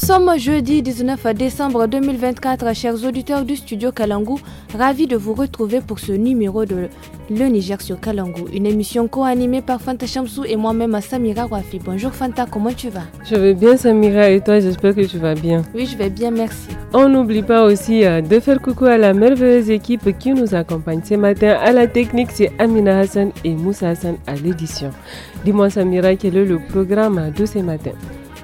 Nous sommes jeudi 19 décembre 2024, chers auditeurs du studio Kalangu, ravis de vous retrouver pour ce numéro de Le Niger sur Kalangu, une émission co-animée par Fanta Shamsou et moi-même Samira Wafi. Bonjour Fanta, comment tu vas Je vais bien Samira et toi, j'espère que tu vas bien. Oui, je vais bien, merci. On n'oublie pas aussi euh, de faire coucou à la merveilleuse équipe qui nous accompagne ce matin à la technique, c'est Amina Hassan et Moussa Hassan à l'édition. Dis-moi Samira, quel est le programme de ce matin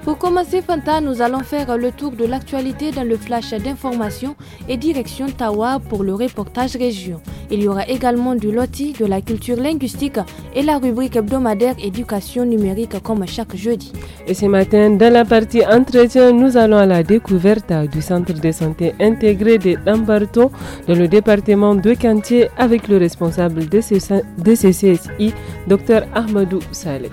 pour commencer, Fanta, nous allons faire le tour de l'actualité dans le flash d'information et direction Tawa pour le reportage région. Il y aura également du loti, de la culture linguistique et la rubrique hebdomadaire éducation numérique comme chaque jeudi. Et ce matin, dans la partie entretien, nous allons à la découverte du centre de santé intégré de Dambarto dans le département de Cantier avec le responsable de ce, de CSI, Dr Ahmadou Saleh.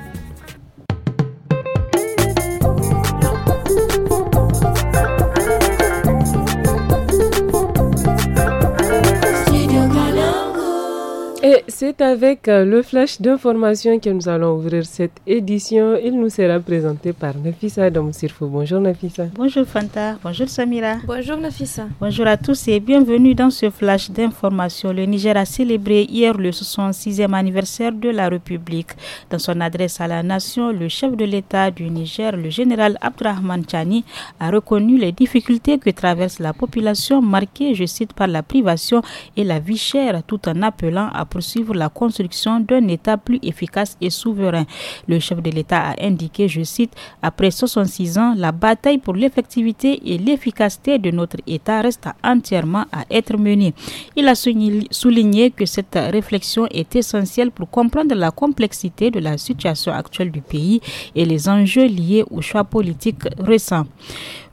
c'est avec euh, le flash d'information que nous allons ouvrir cette édition. Il nous sera présenté par Nafissa Sirfo. Bonjour Nafissa. Bonjour Fanta. Bonjour Samira. Bonjour Nafissa. Bonjour à tous et bienvenue dans ce flash d'information. Le Niger a célébré hier le 66e anniversaire de la République. Dans son adresse à la nation, le chef de l'État du Niger, le général Abdrahman Chani, a reconnu les difficultés que traverse la population marquée, je cite, par la privation et la vie chère, tout en appelant à poursuivre poursuivre la construction d'un État plus efficace et souverain. Le chef de l'État a indiqué, je cite, Après 66 ans, la bataille pour l'effectivité et l'efficacité de notre État reste entièrement à être menée. Il a souligné que cette réflexion est essentielle pour comprendre la complexité de la situation actuelle du pays et les enjeux liés aux choix politiques récents.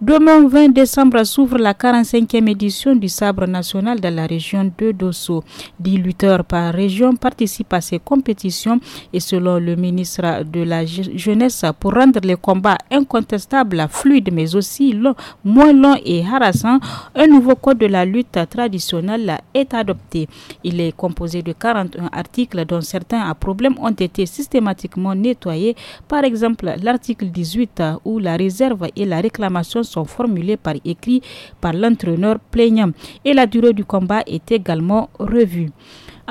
Demain 20 décembre s'ouvre la 45e édition du Sabre national dans la région de Dosso. 10 lutteurs par région régions participent à ces compétitions et selon le ministre de la Jeunesse, pour rendre les combats incontestables, fluides mais aussi moins longs et harassants, un nouveau code de la lutte traditionnelle est adopté. Il est composé de 41 articles dont certains à problème ont été systématiquement nettoyés. Par exemple, l'article 18 où la réserve et la réclamation sont formulées par écrit par l'entraîneur plaignant et la durée du combat est également revue.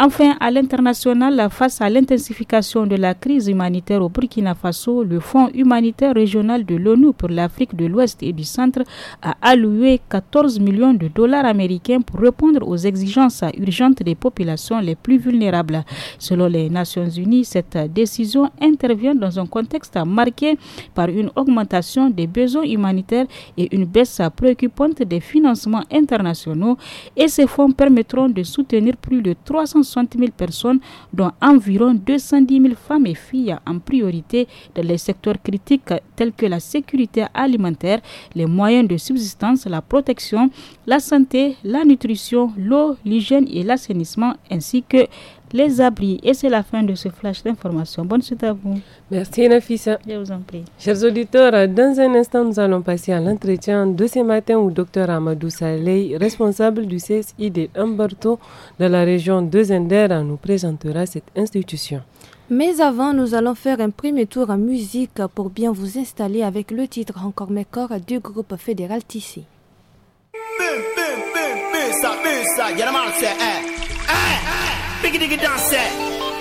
Enfin, à l'international, face à l'intensification de la crise humanitaire au Burkina Faso, le Fonds humanitaire régional de l'ONU pour l'Afrique de l'Ouest et du Centre a alloué 14 millions de dollars américains pour répondre aux exigences urgentes des populations les plus vulnérables. Selon les Nations Unies, cette décision intervient dans un contexte marqué par une augmentation des besoins humanitaires et une baisse préoccupante des financements internationaux et ces fonds permettront de soutenir plus de 300 60 000 personnes, dont environ 210 000 femmes et filles en priorité dans les secteurs critiques tels que la sécurité alimentaire, les moyens de subsistance, la protection, la santé, la nutrition, l'eau, l'hygiène et l'assainissement, ainsi que les abris. Et c'est la fin de ce flash d'information. Bonne suite à vous. Merci Nafisa. Je vous en prie. Chers auditeurs, dans un instant, nous allons passer à l'entretien de ce matin où Dr Amadou Saleh, responsable du CSID Humberto de la région de Zender, nous présentera cette institution. Mais avant, nous allons faire un premier tour en musique pour bien vous installer avec le titre Encore mes corps du groupe fédéral Tissi. Biggie diggy dance set.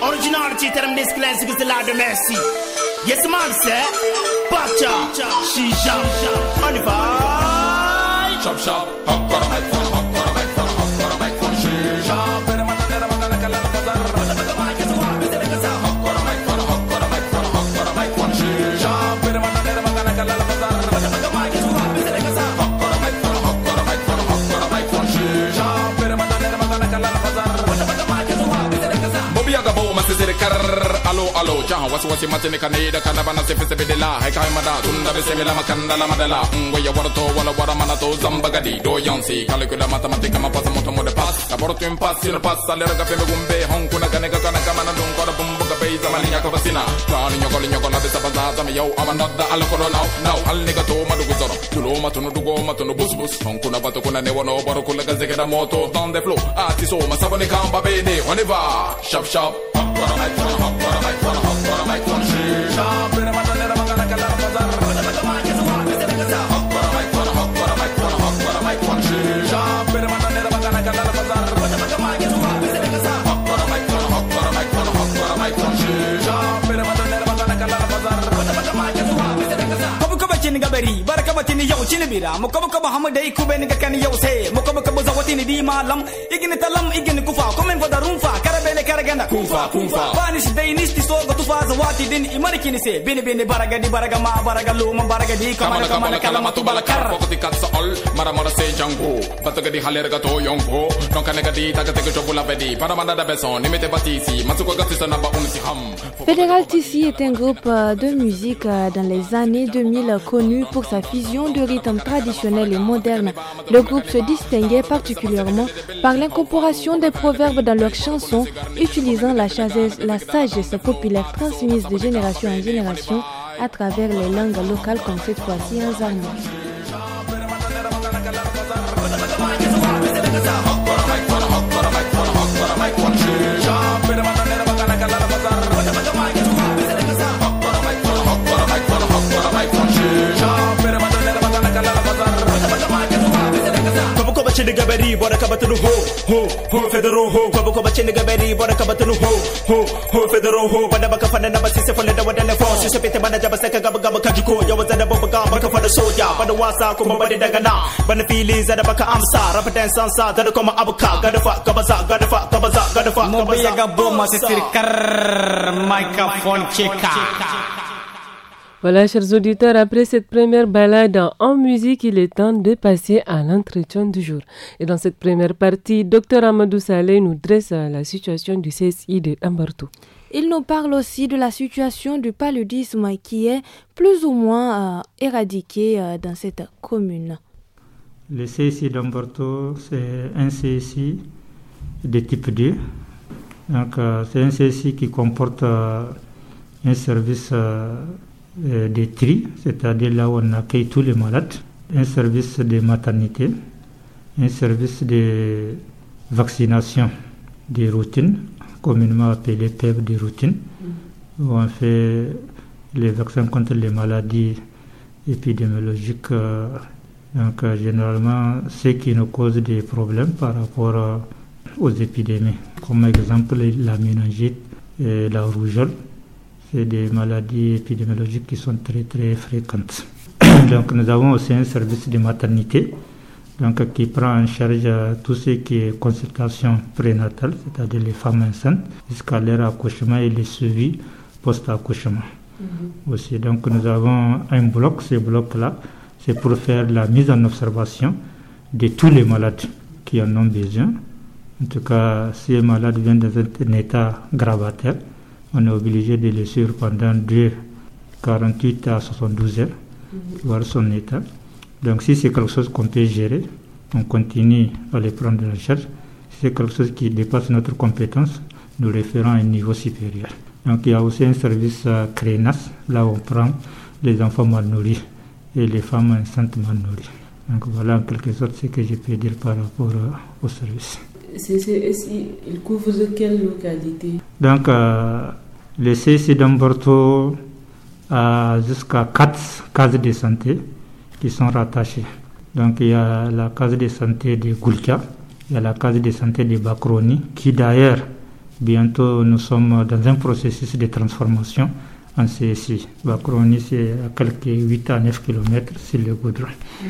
Originality terem diskler sıkıntılarda mersi. Yes man set. Bakça. Şişam. Anifay. Chop, Chop, Hop Hop. sisiri kar alo alo jaha wasi wasi matini ka ne da kana bana sefe sefe de la hai kai mada tunda be sebe la kanda lama de mm, ngwe ya warto wala wara mana to zambagadi do yansi calcula matematica ma moto mo pas aborto un pas sin pas salera ka pembe gumbe honku na kane ka kana kama na kora bumbu ka bei zamani ya ka basina tani nyokol nyokol na be saba za zama yau amanda da alkoro now now al ne ka to ma zoro tulo ma tunu dugo ma tunu bus bus honku na bato kuna ne wono baro kula ka zeke da moto down the flow artiso ah, ma sabone kamba bene oniva shop shop bari barka batini yau cinibira mu kuma kuma hamadai ku bai ni ga kan yau sai wotini dima lam igini talam igini kufa komen foda rumfa karabene karaganda kumfa kumfa banish daynish ti soga tufa zawati din imani kinise bini bini baraga di baraga ma baraga luma baraga di kamana kamana kalama tu balakar kokoti katsa ol mara mara se jango bataga di halerga to yongo nonkane ga di taga tega jobula bedi para manda da beson nimete batisi matsuko gatisa namba unsi ham Fédéral Tissi est un groupe euh, de musique euh, dans les années 2000 connu pour sa fusion de rythmes traditionnels et modernes. Le groupe se distinguait par particulièrement par l'incorporation des proverbes dans leurs chansons, utilisant la, la sagesse populaire transmise de génération en génération à travers les langues locales comme cette fois-ci en Zarma. abakene gabari barakabatulu ho ho ho federo ho kwabo ko bakene gabari barakabatulu ho ho ho federo ho bana bakafana na basise fole da wadala fo sise pete bana jaba saka gaba gaba kajiko ya wazana bobo gaba kafana ya bana wasa kuma bade daga na bana fili zada baka amsa rapa dan sansa da kuma abuka gadafa gabaza gadafa gabaza gadafa gabaza mobiya gabo masisir kar microphone checker Voilà, chers auditeurs, après cette première balade en musique, il est temps de passer à l'entretien du jour. Et dans cette première partie, Dr Amadou Saleh nous dresse la situation du CSI de Il nous parle aussi de la situation du paludisme qui est plus ou moins euh, éradiqué euh, dans cette commune. Le CSI d'Ambarto, c'est un CSI de type 2. Donc, euh, c'est un CSI qui comporte un service euh, des tri, c'est-à-dire là où on accueille tous les malades, un service de maternité, un service de vaccination des routines, communément appelé PEP de routine, où on fait les vaccins contre les maladies épidémiologiques. Euh, donc, euh, généralement, ce qui nous cause des problèmes par rapport aux épidémies, comme exemple la méningite et la rougeole. C'est des maladies épidémiologiques qui sont très très fréquentes. Donc nous avons aussi un service de maternité donc, qui prend en charge euh, tout ce qui est consultation prénatale, c'est-à-dire les femmes enceintes, jusqu'à leur accouchement et les suivis post-accouchement. Mhm. donc nous avons un bloc, ce bloc-là, c'est pour faire la mise en observation de tous les malades qui en ont besoin. En tout cas, si un malade vient un état gravataire, on est obligé de le suivre pendant 48 à 72 heures mhm. voir son état. Donc si c'est quelque chose qu'on peut gérer, on continue à les prendre en charge. Si c'est quelque chose qui dépasse notre compétence, nous référons à un niveau supérieur. Donc il y a aussi un service à CRENAS, là où on prend les enfants mal nourris et les femmes enceintes mal nourries. Donc voilà en quelque sorte ce que je peux dire par rapport euh, au service. si il couvre quelle localité Donc, euh, le CSI d'Amborto a jusqu'à quatre cases de santé qui sont rattachées. Donc il y a la case de santé de Goulka, il y a la case de santé de Bakroni, qui d'ailleurs, bientôt nous sommes dans un processus de transformation en CSI. Bakroni, c'est à quelques 8 à 9 km c'est le goudron. Mhm.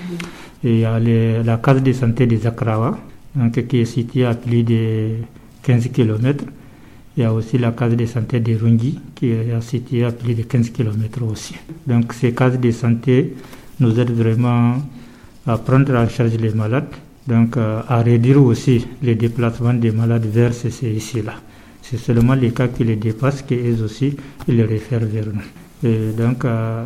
Et il y a la case de santé de Zakrawa, qui est située à plus de 15 km. Il y a aussi la case de santé de Rungi qui est située à plus de 15 km aussi. Donc ces cases de santé nous aident vraiment à prendre en charge les malades, donc euh, à réduire aussi les déplacements des malades vers ces ici là C'est seulement les cas qui les dépassent qu'ils aussi les réfèrent vers nous. Et donc euh,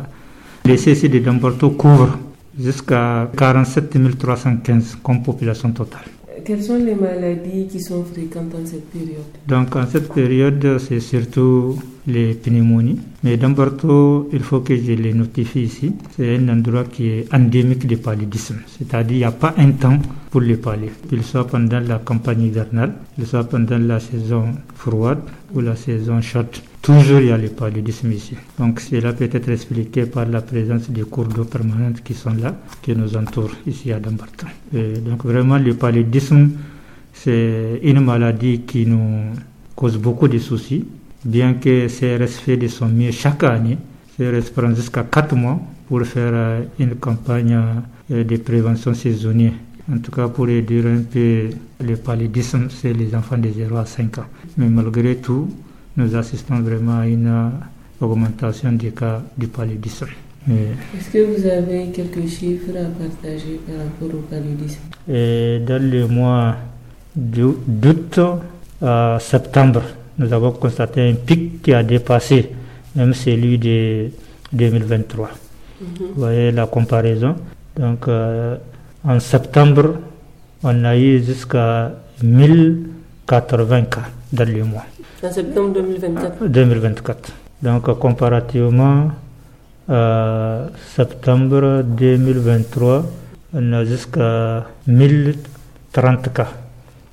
les CIC de Damporto couvrent jusqu'à 47 315 comme population totale. Quelles sont les maladies qui sont fréquentes en cette période Donc en cette période, c'est surtout les pneumonies. Mais d'abord, il faut que je les notifie ici. C'est un endroit qui est endémique du paludisme. C'est-à-dire qu'il n'y a pas un temps pour les paludisme. qu'il soit pendant la campagne hivernale, qu'il soit pendant la saison froide ou la saison chaude. Toujours, il y a le paludisme ici. Donc, cela peut être expliqué par la présence des cours d'eau permanentes qui sont là, qui nous entourent ici à Dambartan. donc, vraiment, le paludisme, c'est une maladie qui nous cause beaucoup de soucis, bien que CRS fait de son mieux chaque année. CRS prend jusqu'à 4 mois pour faire euh, une campagne euh, de prévention saisonnière. En tout cas, pour réduire un peu le paludisme, c'est les enfants de 0 à 5 ans. Mais malgré tout, nous assistons vraiment à une euh, augmentation des cas du paludisme. Est-ce que vous avez quelques chiffres à partager par rapport au paludisme Dans le mois d'août à septembre, nous avons constaté un pic qui a dépassé même celui de 2023. Mhm. Vous voyez la comparaison. Donc euh, en septembre, on a eu jusqu'à 1080 cas dans le mois septembre 2024 ah, Donc comparativement à euh, septembre 2023, on a jusqu'à 1030 cas.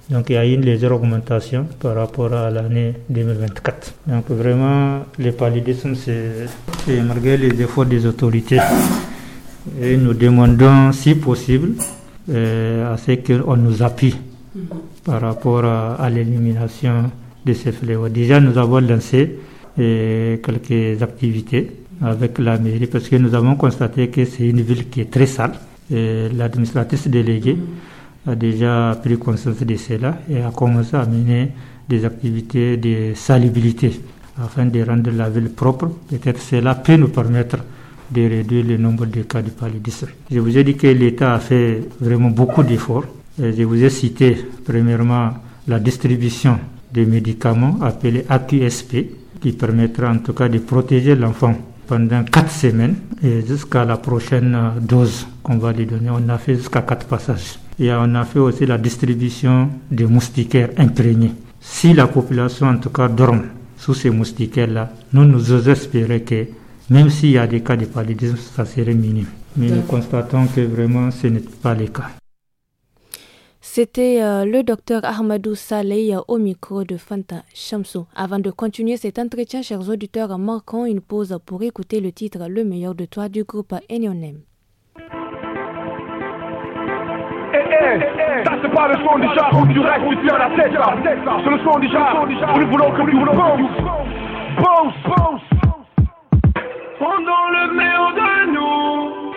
Donc il y a une légère augmentation par rapport à l'année 2024. Donc vraiment, le paludisme, c'est malgré les efforts des autorités. Et nous demandons, si possible, euh, à ce qu'on nous appuie mm-hmm. par rapport à l'élimination de ces fléaux. Déjà, nous avons lancé eh, quelques activités avec la mairie parce que nous avons constaté que c'est une ville qui est très sale. L'administratrice déléguée a déjà pris conscience de cela et a commencé à mener des activités de salubrité afin de rendre la ville propre. Peut-être cela peut nous permettre de réduire le nombre de cas de paludisme. Je vous ai dit que l'État a fait vraiment beaucoup d'efforts. Je vous ai cité premièrement la distribution des médicaments appelés AQSP qui permettra en tout cas de protéger l'enfant pendant 4 semaines et jusqu'à la prochaine euh, dose qu'on va lui donner. On a fait jusqu'à 4 passages. Et on a fait aussi la distribution des moustiquaires imprégnés. Si la population en tout cas dorme sous ces moustiquaires-là, nous nous espérons que même s'il y a des cas de paludisme, ça serait minime. Mais nous constatons que vraiment ce n'est pas le cas. C'était euh, le docteur Ahmadou Saleh euh, au micro de Fanta Shamsou. Avant de continuer cet entretien, chers auditeurs, marquons une pause pour écouter le titre Le meilleur de toi du groupe Enyonem. Eh, eh, eh, le meilleur de nous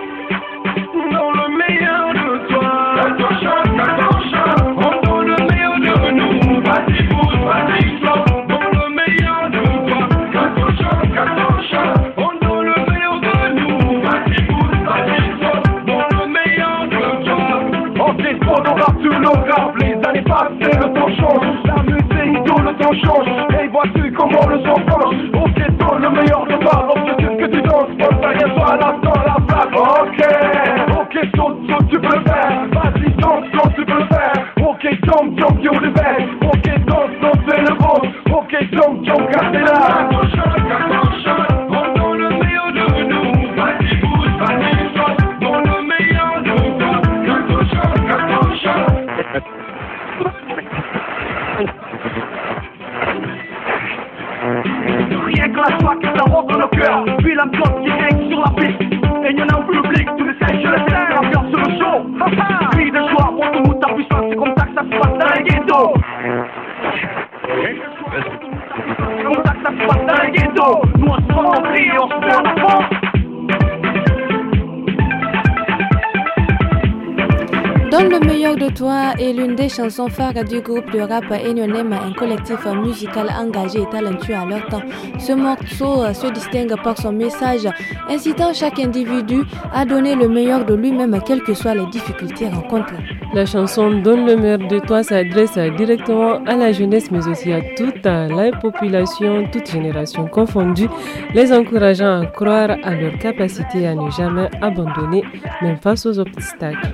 chanson phare du groupe de rap Enyonem, un collectif musical engagé et talentueux à leur temps. Ce morceau euh, se distingue par son message incitant chaque individu à donner le meilleur de lui-même, quelles que soient les difficultés rencontrées. La chanson Donne le meilleur de toi s'adresse directement à la jeunesse, mais aussi à toute la population, toute génération confondue, les encourageant à croire à leur capacité à ne jamais abandonner, même face aux obstacles.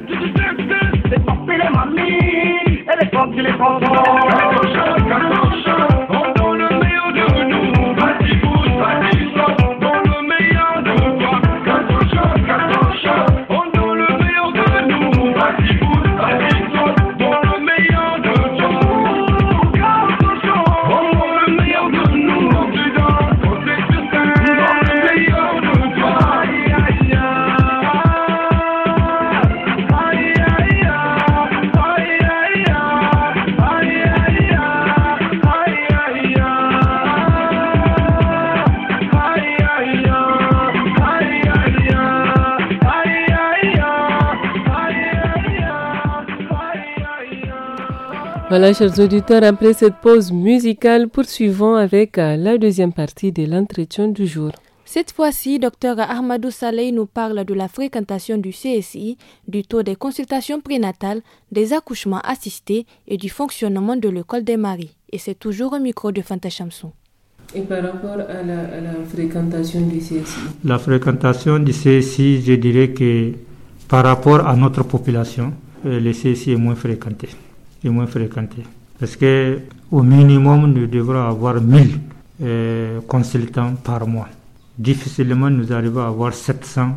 绿草坡。Voilà, chers auditeurs, après cette pause musicale, poursuivons avec euh, la deuxième partie de l'entretien du jour. Cette fois-ci, Dr Ahmadou Saleh nous parle de la fréquentation du CSI, du taux des consultations prénatales, des accouchements assistés et du fonctionnement de l'école des maris. Et c'est toujours au micro de Fanta Chamson. Et par rapport la, à la fréquentation du CSI La fréquentation du CSI, je dirais que par rapport à notre population, euh, le CSI est moins fréquenté moins fréquentés Parce que au minimum, nous devrons avoir 1000 euh, consultants par mois. Difficilement, nous arrivons à avoir 700,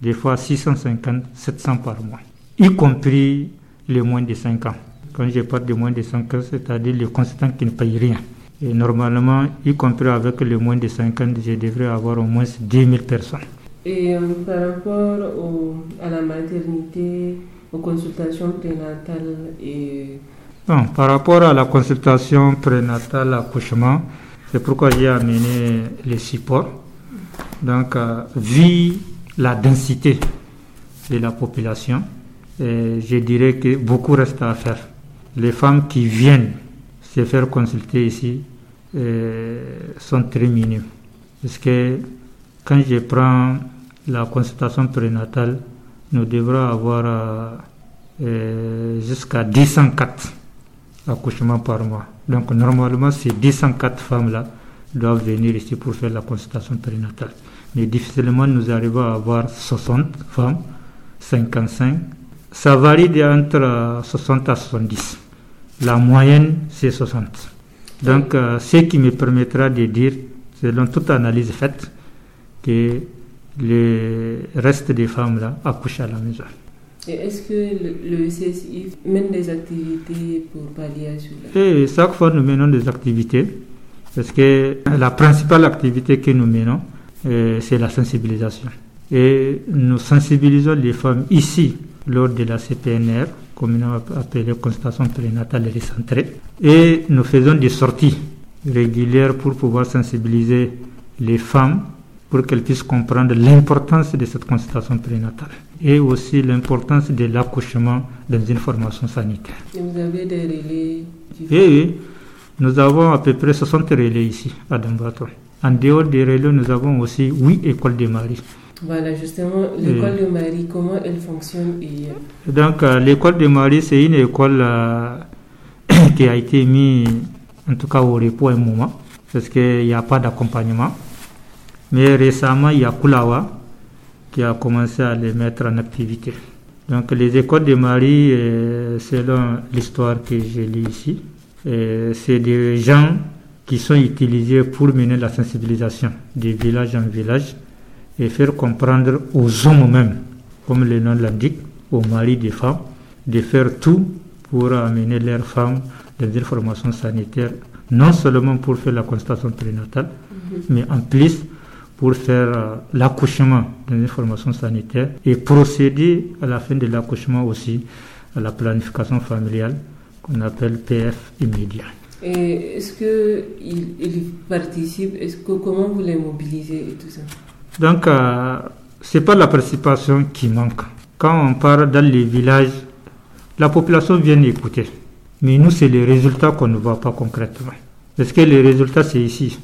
des fois 650, 700 par mois, y compris les moins de 5 ans. Quand je parle de moins de 5 ans, c'est-à-dire les consultants qui ne payent rien. Et normalement, y compris avec les moins de 5 ans, je devrais avoir au moins 10 000 personnes. Et euh, par rapport à la maternité, aux consultations prénatales et... par rapport à la consultation prénatale accouchement, c'est pourquoi j'ai amené les supports. Donc, euh, vu la densité de la population, je dirais que beaucoup reste à faire. Les femmes qui viennent se faire consulter ici euh, sont très minimes. Parce que quand je prends la consultation prénatale, nous devrons avoir euh, euh, jusqu'à 204 accouchements par mois. Donc normalement, ces 204 femmes-là doivent venir ici pour faire la consultation prénatale. Mais difficilement, nous arrivons à avoir 60 femmes, 55. Ça varie entre 60 euh, à 70. La moyenne, c'est 60. Donc, ce qui me permettra de dire, selon toute analyse faite, que les restes des femmes là, accouchent à la maison. Et est-ce que le, CSI mène des activités pour pallier à cela chaque fois, nous menons des activités, parce que la principale activité que nous menons, euh, c'est la sensibilisation. Et nous sensibilisons les femmes ici, lors de la CPNR, comme communément appelée constatation prénatale recentrée, et nous faisons des sorties régulières pour pouvoir sensibiliser les femmes pour qu'elle puisse comprendre l'importance de cette consultation prénatale et aussi l'importance de l'accouchement dans une formation sanitaire. Et vous avez des relais Eh oui, nous avons à peu près 60 relais ici à Dambato. En dehors des relais, nous avons aussi 8 écoles de Marie. Voilà, justement, l'école de Marie, comment elle fonctionne et... Euh, Donc, euh, l'école de Marie, c'est une école euh, qui a été mise, en tout cas, au repos un moment, parce qu'il n'y a pas d'accompagnement. Mais récemment, il y a Kulawa qui a commencé à les mettre en activité. Donc les écoles de mari, euh, selon l'histoire que j'ai lue ici, euh, c'est des gens qui sont utilisés pour mener la sensibilisation de village en village et faire comprendre aux hommes eux-mêmes, comme le nom l'indique, aux maris des femmes, de faire tout pour amener leurs femmes dans des formations sanitaires, non seulement pour faire la constatation prénatale, mhm. mais en plus pour faire euh, l'accouchement des informations sanitaire et procéder à la fin de l'accouchement aussi à la planification familiale qu'on appelle PF immédiat. Et est-ce qu'ils il participent que, Comment vous les mobilisez et tout ça Donc, ce euh, c'est pas la participation qui manque. Quand on part dans les villages, la population vient écouter. Mais nous, c'est les résultats qu'on ne voit pas concrètement. Est-ce que les résultats, c'est ici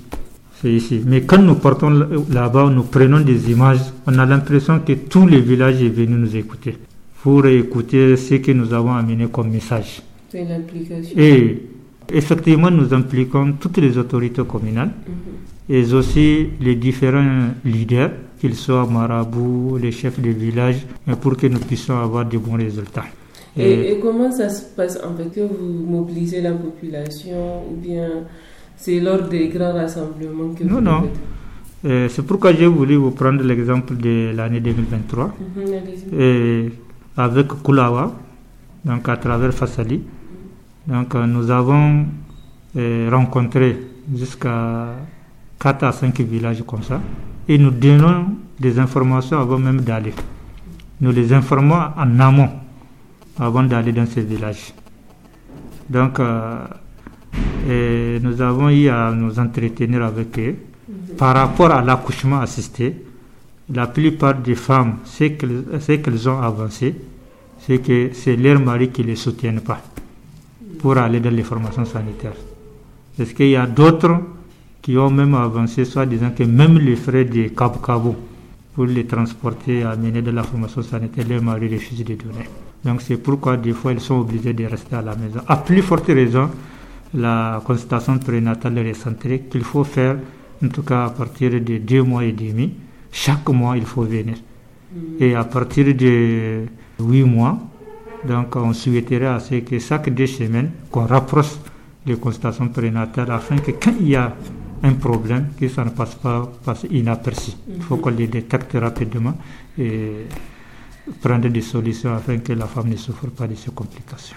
ici. Mais quand nous partons là-bas, nous prenons des images, on a l'impression que tout le village est venu nous écouter pour écouter ce que nous avons amené comme message. C'est l'implication. Et effectivement, nous impliquons toutes les autorités communales mm-hmm. et aussi les différents leaders, qu'ils soient marabouts, les chefs de village, pour que nous puissions avoir de bons résultats. Et, comment ça se passe en fait que vous mobilisez la population ou bien c'est lors des grands rassemblements que non, Non, euh, c'est pourquoi j'ai voulu vous prendre l'exemple de l'année 2023 mhm, avec Kulawa, donc à travers Fassali. Donc euh, nous avons euh, rencontré jusqu'à 4 à 5 villages comme ça et nous donnons des informations avant même d'aller. Nous les informons en amont avant d'aller dans ces villages. Donc et nous avons eu à nous entretenir avec eux. Par rapport à l'accouchement assisté, la plupart des femmes, ce qu'elles ont avancé, c'est que c'est leur mari qui ne les soutiennent pas pour aller dans les formations sanitaires. Parce qu'il y a d'autres qui ont même avancé, soit disant que même les frais des Cap Cabo pour les transporter amener dans la formation sanitaire, leur mari refuse de donner. Donc c'est pourquoi des fois ils sont obligés de rester à la maison. À plus forte raison, la consultation prénatale récentrée qu'il faut faire, en tout cas à partir de deux mois et demi. Chaque mois, il faut venir. Mm. Et à partir de huit mois, donc on souhaiterait à que chaque deux semaines, qu'on rapproche les consultations prénatales afin que quand il y a un problème, que ça ne passe pas passe inaperçu. Il faut mm-hmm. qu'on les détecte rapidement et prendre des solutions afin que la femme ne souffre pas de ces complications.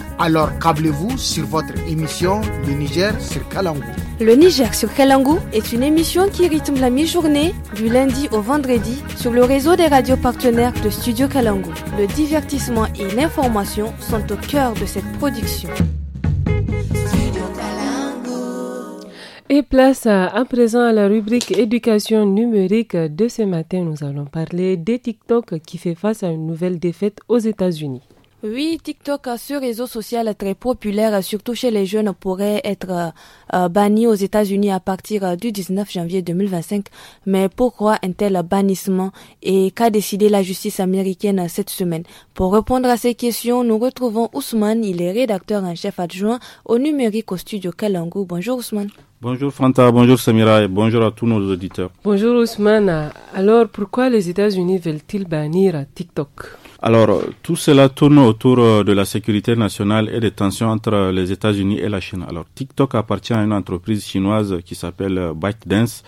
alors câblez-vous sur votre émission Le Niger sur Kalangou. Le Niger sur Kalangou est une émission qui rythme la mi-journée du lundi au vendredi sur le réseau des radios partenaires de Studio Kalangou. Le divertissement et l'information sont au cœur de cette production. Et place à, présent à la rubrique éducation numérique de ce matin. Nous allons parler des TikTok qui fait face à une nouvelle défaite aux États-Unis. Oui, TikTok, euh, ce réseau social très populaire, euh, surtout chez les jeunes, pourrait être euh, banni aux États-Unis à partir du 19 janvier 2025. Mais pourquoi un tel bannissement et qu'a décidé la justice américaine cette semaine Pour répondre à ces questions, nous retrouvons Ousmane. Il est rédacteur en chef adjoint au numérique au studio Kalangu. Bonjour Ousmane. Bonjour Fanta, bonjour Samira et bonjour à tous nos auditeurs. Bonjour Ousmane. Alors pourquoi les États-Unis veulent-ils bannir TikTok alors, tout cela tourne autour euh, de la sécurité nationale et des tensions entre les États-Unis et la Chine. Alors, TikTok appartient à une entreprise chinoise qui s'appelle euh, ByteDance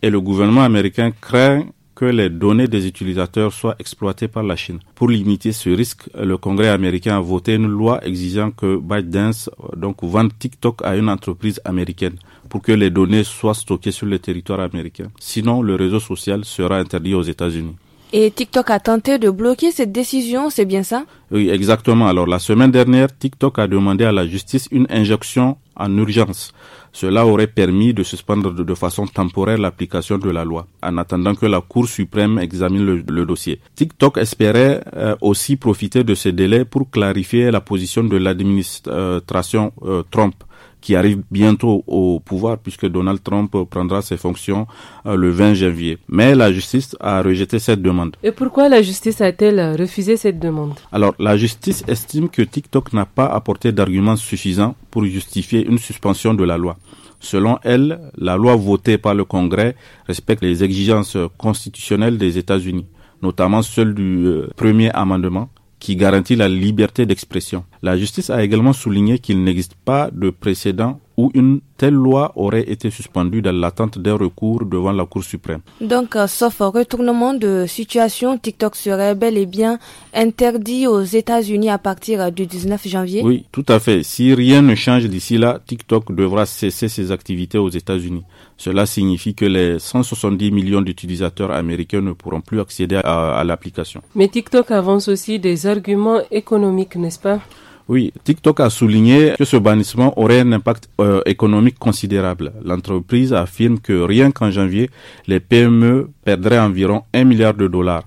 et le gouvernement américain craint que les données des utilisateurs soient exploitées par la Chine. Pour limiter ce risque, le Congrès américain a voté une loi exigeant que ByteDance euh, donc vende TikTok à une entreprise américaine pour que les données soient stockées sur le territoire américain. Sinon, le réseau social sera interdit aux États-Unis. Et TikTok a tenté de bloquer cette décision, c'est bien ça Oui, exactement. Alors la semaine dernière, TikTok a demandé à la justice une injection en urgence. Cela aurait permis de suspendre de façon temporaire l'application de la loi, en attendant que la Cour suprême examine le, dossier. TikTok espérait euh, aussi profiter de ce délai pour clarifier la position de l'administration euh, Trump qui arrive bientôt au pouvoir puisque Donald Trump prendra ses fonctions euh, le 20 janvier. Mais la justice a rejeté cette demande. Et pourquoi la justice a-t-elle refusé cette demande Alors, la justice estime que TikTok n'a pas apporté d'arguments suffisants pour justifier une suspension de la loi. Selon elle, la loi votée par le Congrès respecte les exigences constitutionnelles des États-Unis, notamment celle du euh, premier amendement qui garantit la liberté d'expression. La justice a également souligné qu'il n'existe pas de précédent où une telle loi aurait été suspendue dans l'attente d'un recours devant la Cour suprême. Donc, euh, sauf retournement de situation, TikTok serait bel et bien interdit aux États-Unis à partir du 19 janvier Oui, tout à fait. Si rien ne change d'ici là, TikTok devra cesser ses activités aux États-Unis. Cela signifie que les 170 millions d'utilisateurs américains ne pourront plus accéder à l'application. Mais TikTok avance aussi des arguments économiques, n'est-ce pas oui, TikTok a souligné que ce bannissement aurait un impact euh, économique considérable. L'entreprise affirme que rien qu'en janvier, les PME perdraient environ 1 milliard de dollars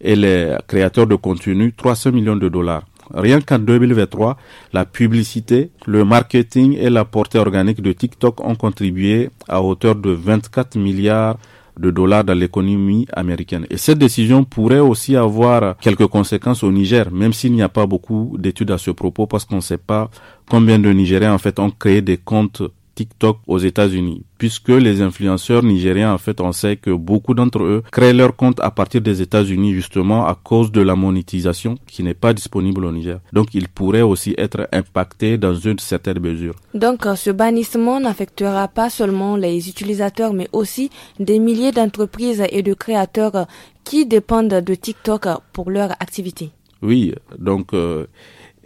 et les créateurs de contenu 300 millions de dollars. Rien qu'en 2023, la publicité, le marketing et la portée organique de TikTok ont contribué à hauteur de 24 milliards de dollars dans l'économie américaine. Et cette décision pourrait aussi avoir quelques conséquences au Niger, même s'il n'y a pas beaucoup d'études à ce propos, parce qu'on ne sait pas combien de Nigériens en fait ont créé des comptes TikTok aux États-Unis, puisque les influenceurs nigériens, en fait, on sait que beaucoup d'entre eux créent leur compte à partir des États-Unis justement à cause de la monétisation qui n'est pas disponible au Niger. Donc, ils pourraient aussi être impactés dans une certaine mesure. Donc, ce bannissement n'affectera pas seulement les utilisateurs, mais aussi des milliers d'entreprises et de créateurs qui dépendent de TikTok pour leur activité. Oui, donc. Euh,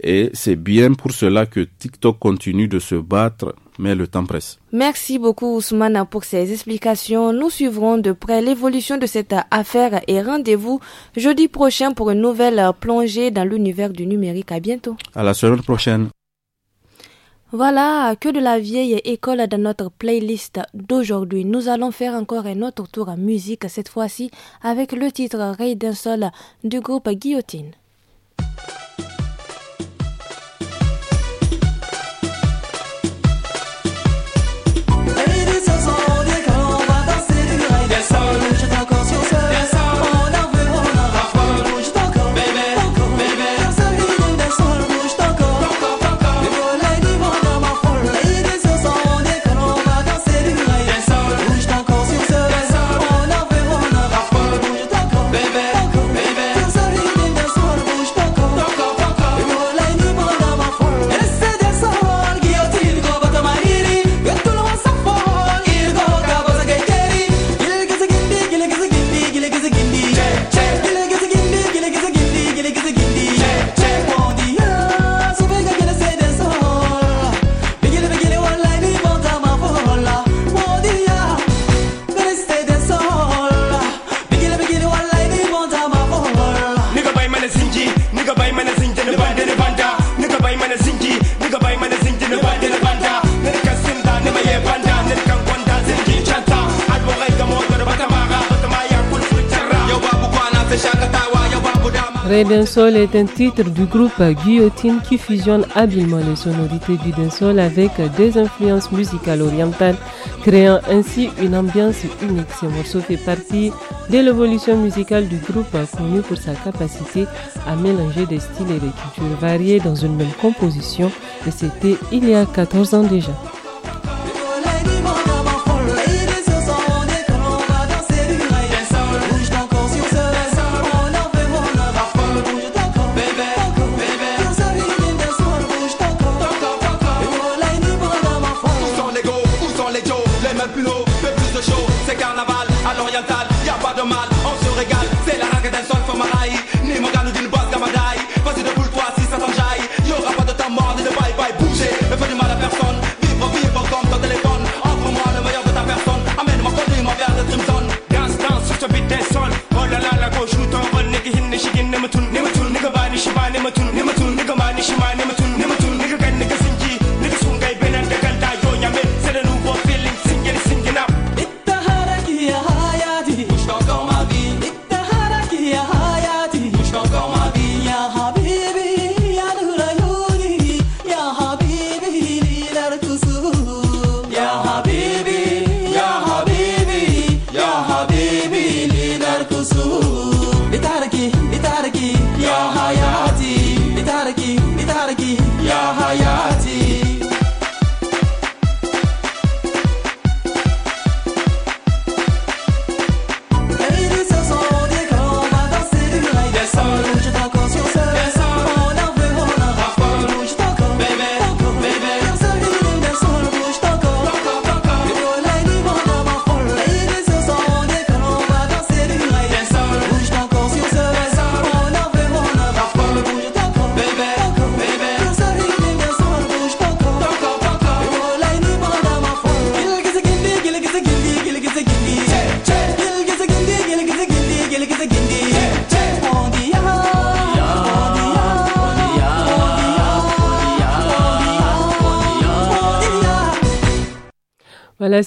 et c'est bien pour cela que TikTok continue de se battre mais le temps presse. Merci beaucoup Ousmane pour ces explications. Nous suivrons de près l'évolution de cette affaire et rendez-vous jeudi prochain pour une nouvelle plongée dans l'univers du numérique. À bientôt. À la semaine prochaine. Voilà, que de la vieille école dans notre playlist d'aujourd'hui. Nous allons faire encore un autre tour à musique, cette fois-ci avec le titre Ray d'un du groupe Guillotine. Densol est un titre du groupe Guillotine qui fusionne habilement les sonorités du dancehall avec des influences musicales orientales, créant ainsi une ambiance unique. Ce morceau fait partie de l'évolution musicale du groupe connu pour sa capacité à mélanger des styles et des cultures variées dans une même composition et c'était il y a 14 ans déjà.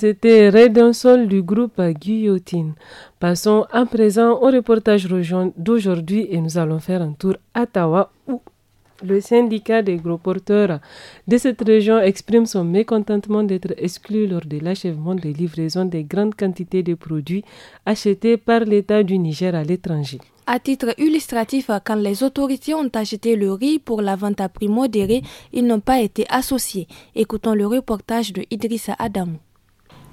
C'était Redon Sol du groupe Guillotine. Passons à présent au reportage d'aujourd'hui et nous allons faire un tour à Tawa où le syndicat des gros porteurs de cette région exprime son mécontentement d'être exclu lors de l'achèvement des livraisons des grandes quantités de produits achetés par l'État du Niger à l'étranger. À titre illustratif, quand les autorités ont acheté le riz pour la vente à prix modéré, ils n'ont pas été associés. Écoutons le reportage de Idrissa Adamou.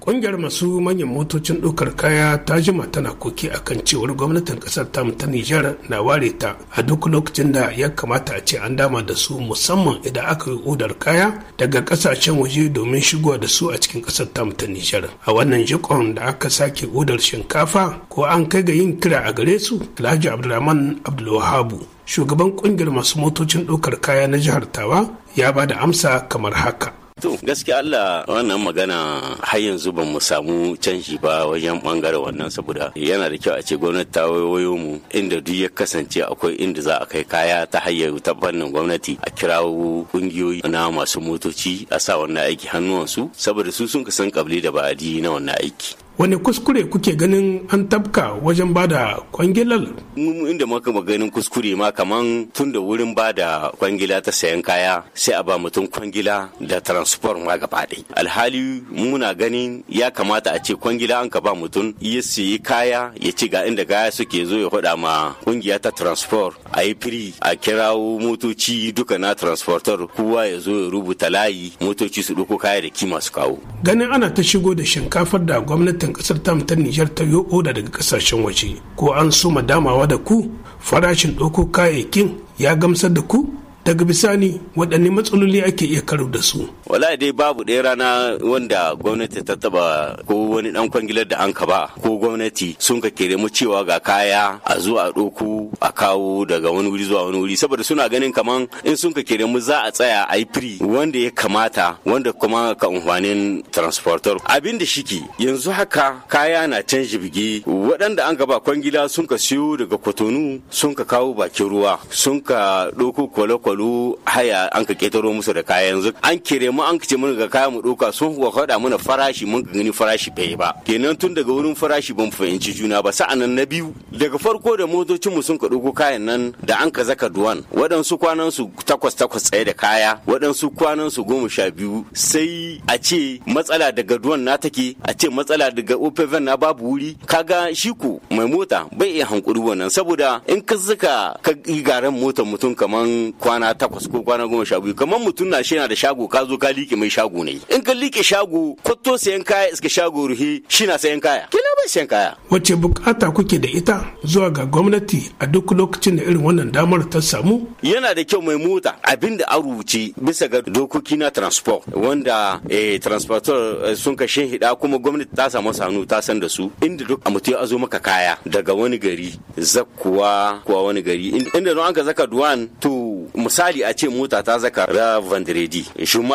Ƙungiyar masu manyan motocin ɗaukar kaya ta jima tana koki akan cewar gwamnatin ƙasar tamu ta Nijar na ware ta a duk lokacin da ya kamata a ce an dama da su musamman idan aka yi odar kaya daga ƙasashen waje domin shigowa da su a cikin ƙasar tamu ta Nijar. A wannan jikon da aka sake odar shinkafa ko an kai ga yin kira a gare su Alhaji Abdulrahman Abdulwahabu shugaban ƙungiyar masu motocin ɗaukar kaya na jihar Tawa ya ba da amsa kamar haka. To gaskiya Allah wannan magana har yanzu ba mu samu canji ba wajen bangare wannan saboda yana da kyau a ce gwamnati ta wayo mu inda duk ya kasance akwai inda za a kai kaya ta hanyar ta fannin gwamnati a kirawo kungiyoyi na masu motoci a sa wannan aiki hannuwansu saboda su sun kasan kabli da ba'adi na wannan aiki. wani kuskure kuke ganin an tabka wajen bada kwangilar inda muka ganin kuskure ma kaman tun da wurin bada kwangila ta sayan kaya sai a ba mutum kwangila da transport ma gaba alhali muna ganin ya kamata a ce kwangila an ka ba mutum ya siyi kaya ya ci ga inda kaya suke zo ya faɗa ma kungiya ta transport a yi firi a kirawo motoci duka na transporter kowa ya zo ya rubuta layi motoci su ɗauko kaya da kima su kawo ganin ana ta shigo da shinkafar da gwamnati gwamnatin kasar tam ta nijar ta yi oda daga kasashen waje ko an suma damawa da ku farashin ɗauko kayayyakin ya gamsar da ku daga bisani waɗanne matsaloli ake iya karo da su. Wala dai babu ɗaya rana wanda gwamnati ta taba ko wani ɗan kwangilar da an ka ba ko gwamnati sun ka kere mu cewa ga kaya a zuwa a ɗoku a kawo daga wani wuri zuwa wani wuri saboda suna ganin kaman in sun ka kere mu za a tsaya a yi firi wanda ya kamata wanda kuma ka amfanin transporter. Abin da shiki yanzu haka kaya na can jibgi waɗanda an ba kwangila sun ka siyo daga kwatonu sun ka kawo bakin ruwa sun ka ɗoko kwalo kalu haya an ka ketaro musu da kaya yanzu an kere mu an kace mana ga kaya mu doka sun kuwa faɗa mana farashi mun gani farashi bai ba kenan tun daga wurin farashi ban fahimci juna ba sa'annan na biyu daga farko da motocin mu sun ka dauko kayan nan da an ka zaka duwan waɗansu kwanan su takwas takwas tsaye da kaya waɗansu kwanan su goma sha biyu sai a ce matsala daga duwan na take a ce matsala daga opv na babu wuri kaga shi ku mai mota bai iya hankuri wannan saboda in ka zaka ka garan motar mutum kaman kwana kwana takwas ko kwana goma sha biyu kamar mutum na shi yana da shago ka zo ka liƙe mai shago ne in ka liƙe shago kwato sayan kaya iska shago ruhi shi na sayan kaya kila bai sayan kaya. wacce bukata kuke da ita zuwa ga gwamnati a duk lokacin da irin wannan damar ta samu. yana da kyau mai mota abin da an rubuce bisa ga dokoki na transport wanda eh, transporter eh, sun kashe hida kuma gwamnati ta samu sanu ta san da su inda duk a mutum ya zo maka kaya daga wani gari zakkuwa kuwa wani gari inda an ka zaka duwan to misali a ce mota ta zaka ra vendredi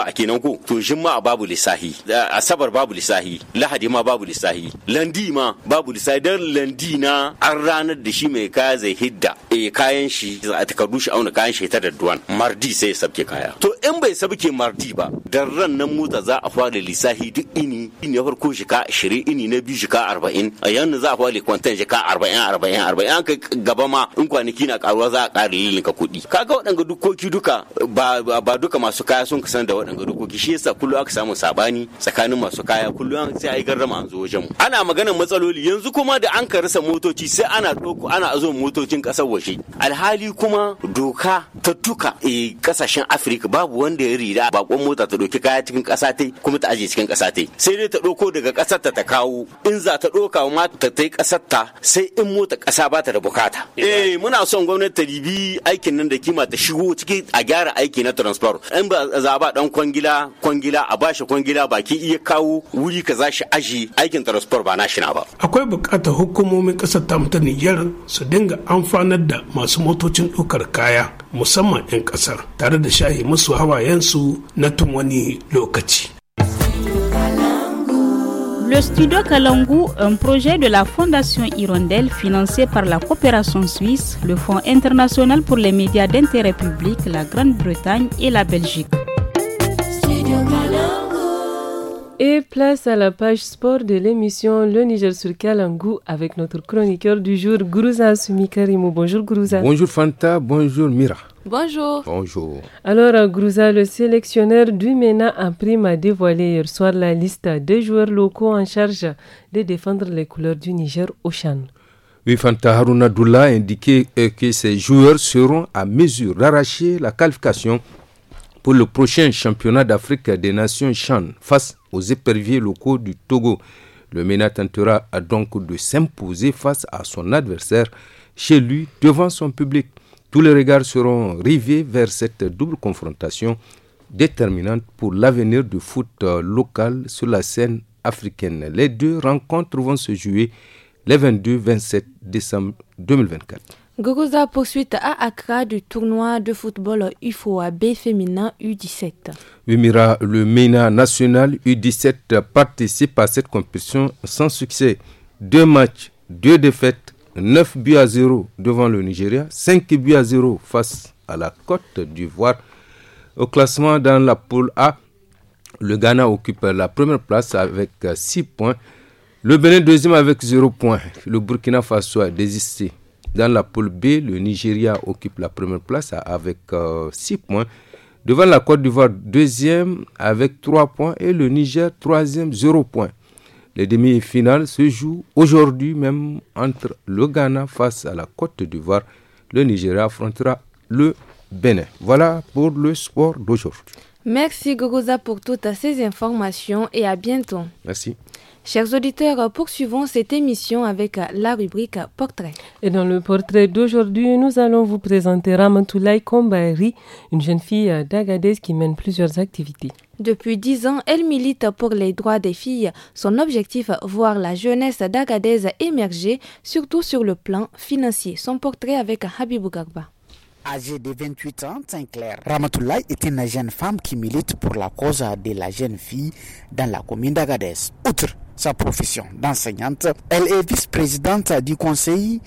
a kenan ko to a babu lissahi asabar babu lisahi lahadi ma babu lisahi landi ma babu lisahi dan landi na an ranar da shi mai kaya zai hidda eh kayan shi a takardu shi auna kayan shi ta da duwan mardi sai ya sabke kaya to in bai sabke mardi ba dan ran nan mota za a fara lisahi duk ini in ya farko ka 20 ini na biyu ka 40 a yanzu za a fara kwantan ka 40 40 40 an kai gaba ma in kwanaki na karuwa za a ƙara lilinka ka kuɗi kaga waɗanga dukoki duka ba duka masu kaya sun kusan da waɗanga dukoki shi yasa kullum aka samu sabani tsakanin masu kaya kullum sai ai garrama an zo wajen mu ana maganar matsaloli yanzu kuma da an karasa rasa motoci sai ana ɗauko ana zo motocin ƙasar waje alhali kuma doka ta tuka e kasashen Afirka babu wanda ya rida bakon mota ta ɗauki kaya cikin ƙasa ta kuma ta aje cikin ƙasa ta sai dai ta ɗauko daga ƙasar ta ta kawo in za ta ɗauka ma ta ta yi ƙasar ta sai in mota ƙasa ba ta da bukata eh muna son gwamnati ta ribi aikin nan da kima ta shigo aljihu ciki a gyara aiki na transfer in ba za ba dan kwangila kwangila a bashi kwangila baki iya kawo wuri ka zashi aji aikin transfer ba nashi na ba akwai bukatar hukumomin kasar ta ta Nijar su dinga amfanar da masu motocin ɗaukar kaya musamman 'yan kasar tare da shahi musu hawayensu na tun wani lokaci Le studio Kalangu, un projet de la Fondation Hirondelle financé par la coopération suisse, le Fonds international pour les médias d'intérêt public, la Grande-Bretagne et la Belgique. Et place à la page sport de l'émission Le Niger sur Kalangu avec notre chroniqueur du jour, Gourouza Sumikarimou. Bonjour Gourouza. Bonjour Fanta, bonjour Mira. Bonjour. Bonjour. Alors, Grouza, le sélectionneur du MENA a prime a dévoilé hier soir la liste des joueurs locaux en charge de défendre les couleurs du Niger au Chan. Oui, Fanta a indiqué que ces joueurs seront à mesure d'arracher la qualification pour le prochain championnat d'Afrique des Nations Chan face aux éperviers locaux du Togo. Le MENA tentera donc de s'imposer face à son adversaire chez lui devant son public. Tous les regards seront rivés vers cette double confrontation déterminante pour l'avenir du foot euh, local sur la scène africaine. Les deux rencontres vont se jouer les 22-27 décembre 2024. Gogoza poursuit à Accra du tournoi de football B féminin U17. le MENA national U17 participe à cette compétition sans succès. Deux matchs, deux défaites 9 buts à 0 devant le Nigeria, 5 buts à 0 face à la Côte d'Ivoire. Au classement dans la poule A, le Ghana occupe la première place avec 6 euh, points. Le Bénin deuxième avec 0 points. Le Burkina Faso a désisté. Dans la poule B, le Nigeria occupe la première place avec 6 euh, points. Devant la Côte d'Ivoire deuxième avec 3 points et le Niger troisième 0 points. Les demi-finales se jouent aujourd'hui même entre le Ghana face à la Côte d'Ivoire. Le Nigeria affrontera le Bénin. Voilà pour le sport d'aujourd'hui. Merci Gogoza pour toutes ces informations et à bientôt. Merci. Chers auditeurs, poursuivons cette émission avec la rubrique Portrait. Et dans le portrait d'aujourd'hui, nous allons vous présenter Ramatoulaye Kombari, une jeune fille d'Agadez qui mène plusieurs activités. Depuis dix ans, elle milite pour les droits des filles. Son objectif, voir la jeunesse d'Agadez émerger, surtout sur le plan financier. Son portrait avec Habibou Garba. Âgée de 28 ans, Saint-Clair, Ramatoulaye est une jeune femme qui milite pour la cause de la jeune fille dans la commune d'Agadez. Outre sa profession d'enseignante. Elle est vice-présidente du conseil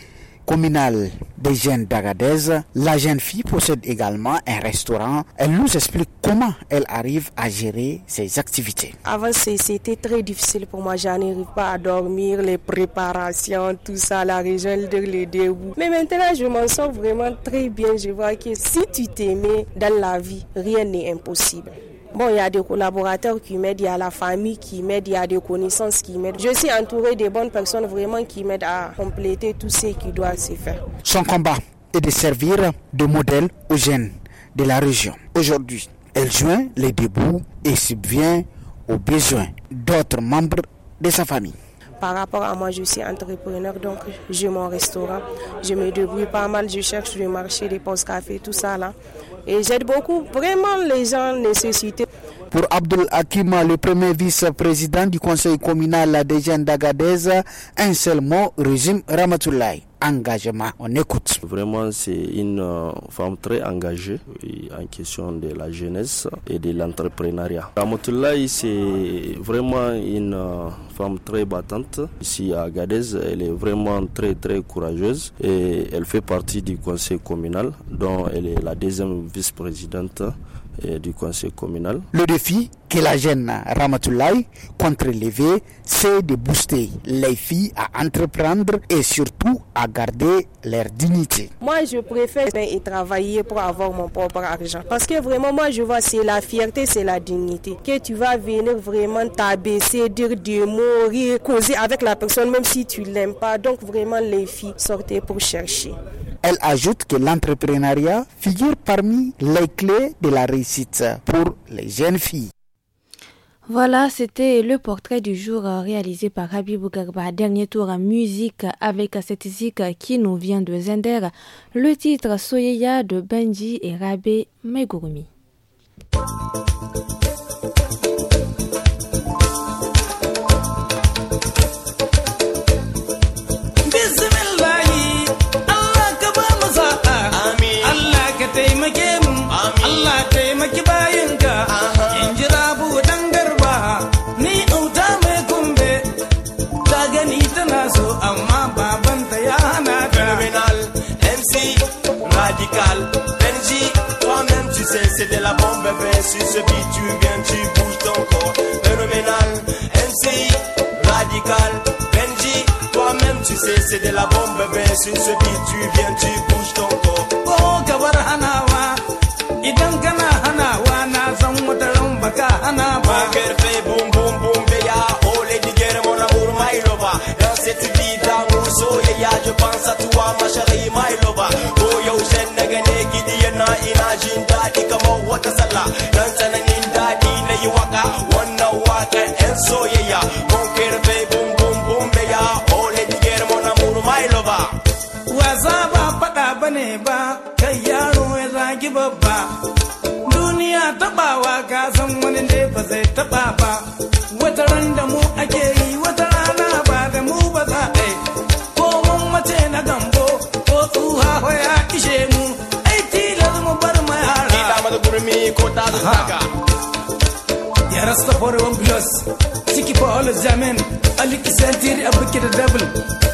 communal des jeunes d'Agadez. La jeune fille possède également un restaurant. Elle nous explique comment elle arrive à gérer ses activités. Avant, c'était très difficile pour moi. n'arrive pas à dormir, les préparations, tout ça, la région, de débuts. Mais maintenant, je m'en sors vraiment très bien. Je vois que si tu t'aimais dans la vie, rien n'est impossible. Bon, il y a des collaborateurs qui m'aident, il y a la famille qui m'aide, il y a des connaissances qui m'aident. Je suis entouré de bonnes personnes vraiment qui m'aident à compléter tout ce qui doit se faire. Son combat est de servir de modèle aux jeunes de la région. Aujourd'hui, elle joint les débuts et subvient aux besoins d'autres membres de sa famille par rapport à moi, je suis entrepreneur, donc j'ai mon restaurant. Je me débrouille pas mal, je cherche le marché, des postes café, tout ça là et j'aide beaucoup vraiment les gens nécessités. Pour Abdul Hakima, le premier vice-président du conseil communal la jeunes d'Agadez, un seul mot, régime Ramatoulaye engagement. On écoute. Vraiment, c'est une euh, femme très engagée en question de la jeunesse et de l'entrepreneuriat. Ramotoulaye, c'est vraiment une euh, femme très battante. Ici à Agadez, elle est vraiment très très courageuse et elle fait partie du conseil communal dont elle est la deuxième vice-présidente du conseil communal. Le défi que la jeune Ramatoulaye contre relever, c'est de booster les filles à entreprendre et surtout à garder leur dignité. Moi, je préfère travailler pour avoir mon propre argent. Parce que vraiment, moi, je vois, c'est la fierté, c'est la dignité. Que tu vas venir vraiment t'abaisser, dire de mourir, causer avec la personne, même si tu l'aimes pas. Donc, vraiment, les filles, sortez pour chercher. Elle ajoute que l'entrepreneuriat figure parmi les clés de la réussite pour les jeunes filles. Voilà, c'était le portrait du jour euh, réalisé par Habib Garba. Dernier tour en musique avec cette musique qui nous vient de Zender. Le titre Soyeya de Benji et Rabé Megurumi. Si ce tu viens, tu bouges ton corps. Phénoménal, MC, radical, Benji, toi-même tu sais, c'est de la bombe. Mais ben, si ce tu viens, tu bouges ton corps. Oh, Gawar Wa, Idan Gana Hanawa, na Hanawa. Ma mère fait boum boum boum, Béa, oh, Lady Guerre, mon amour, maïloba Dans cette vie d'amour, soyeya, je pense à toi, ma chérie maïloba Oh, yo, j'ai n'a gagné, Gideon, ina jin daɗi kamar wata sallah soyayya mun kirbe bum bum bum beya ole digiyar mu na munu mai loba wasa ba fada bane ba kai yaro ya zagi babba duniya tabawa ka san wani ne ba zai taba ba wata ran da ake yi wata rana ba da mu ba za ko mun na gambo ko tsuha ya ishe mu ai tilas mu bar ma yara ila mata gurmi ko ta zaka Yarasta for one plus. فعل الزمان قال لك ساتير ابكر الرجل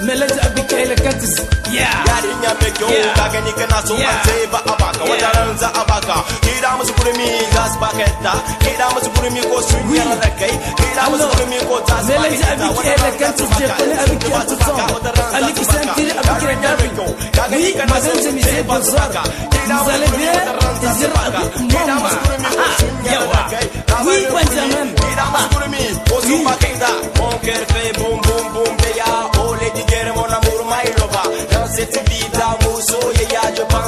ملاذ ابكر ile katis yarinya mai kyau ka gani kana so a ce ba a baka wata ran za a baka kira musu gurmi za su baka yadda kira musu gurmi ko sun yi da kai kira musu gurmi ko ta su baka yadda wata ran za su baka yadda ba su baka wata ran za su baka yarinya mai kyau ka gani kana so a ce ba su baka kira musu gurmi wata ran za su baka kira musu gurmi ko sun yi da kai ka bani gurmi kira musu gurmi ko sun baka yadda mon cœur fait bombe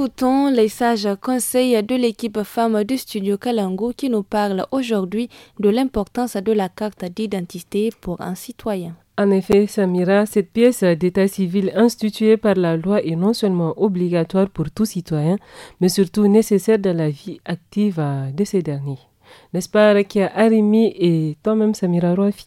écoutons les sages conseils de l'équipe femme du studio Kalango qui nous parle aujourd'hui de l'importance de la carte d'identité pour un citoyen. En effet, Samira, cette pièce d'état civil instituée par la loi est non seulement obligatoire pour tout citoyen, mais surtout nécessaire dans la vie active euh, de ces derniers. N'est-ce pas, Rekia Arimi et toi-même, Samira Rouafi?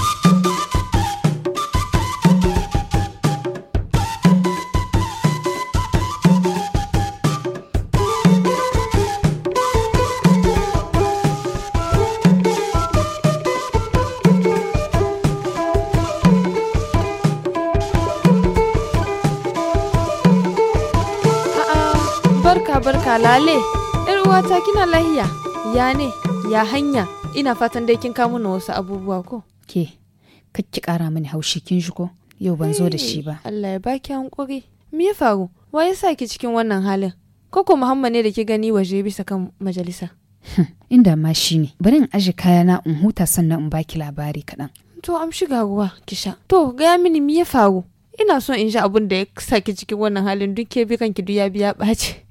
kalale yar uwata kina lahiya ya ne ya hanya ina fatan dai kin kamo na wasu abubuwa ko ke ki kara mini haushi kin shi ko yau ban zo da shi ba Allah ya baki hankuri me ya faru wa ya sa ki cikin wannan halin ko ko Muhammad ne da ki gani waje bisa kan majalisa hm, inda ma shi ne bari in aje kayana in huta sannan in baki labari kaɗan to am shiga ruwa ki to gaya mini me ya faru ina son in ji abun da ya saki cikin wannan halin duk ke bi kanki duk ya biya ɓaci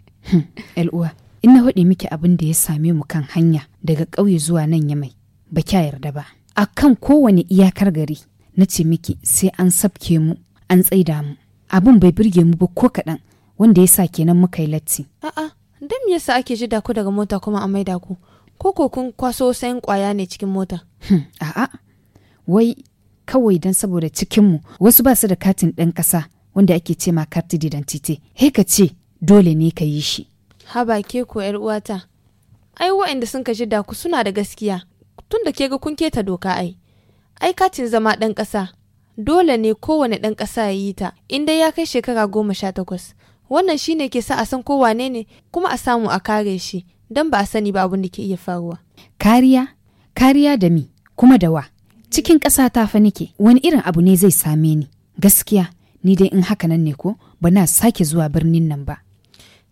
in na haɗe miki abin da ya same mu kan hanya daga ƙauye zuwa nan ya mai ba kya yarda ba. A kan kowane iyakar gari, na ce miki sai an sabke mu, an tsaida mu. Abin bai birge mu ba ko kaɗan, wanda ya sa kenan muka yi latti. A'a, dan me yasa ake jida ku daga mota kuma a maida ku? Ko ko kun kwaso sayan ƙwaya ne cikin mota? Hmm, a'a, wai kawai dan saboda cikinmu wasu ba su da katin ɗan ƙasa wanda ake ce ma karti didantite. Hei ka ce dole ne ka yi shi haba ke ko yar uwata ai wa'anda sun ka da ku suna da gaskiya tun da ke ga kun keta doka ai ai katin zama ɗan ƙasa dole ne kowane ɗan ƙasa ya yi ta inda ya kai shekara goma sha takwas wannan shine ke sa a san ko wane ne kuma a samu a kare shi don ba a sani ba abin da ke iya faruwa kariya kariya da mi kuma da wa cikin ƙasa ta fa nike wani irin abu ne zai same ni gaskiya ni dai in haka nan ne ko ba na sake zuwa birnin nan ba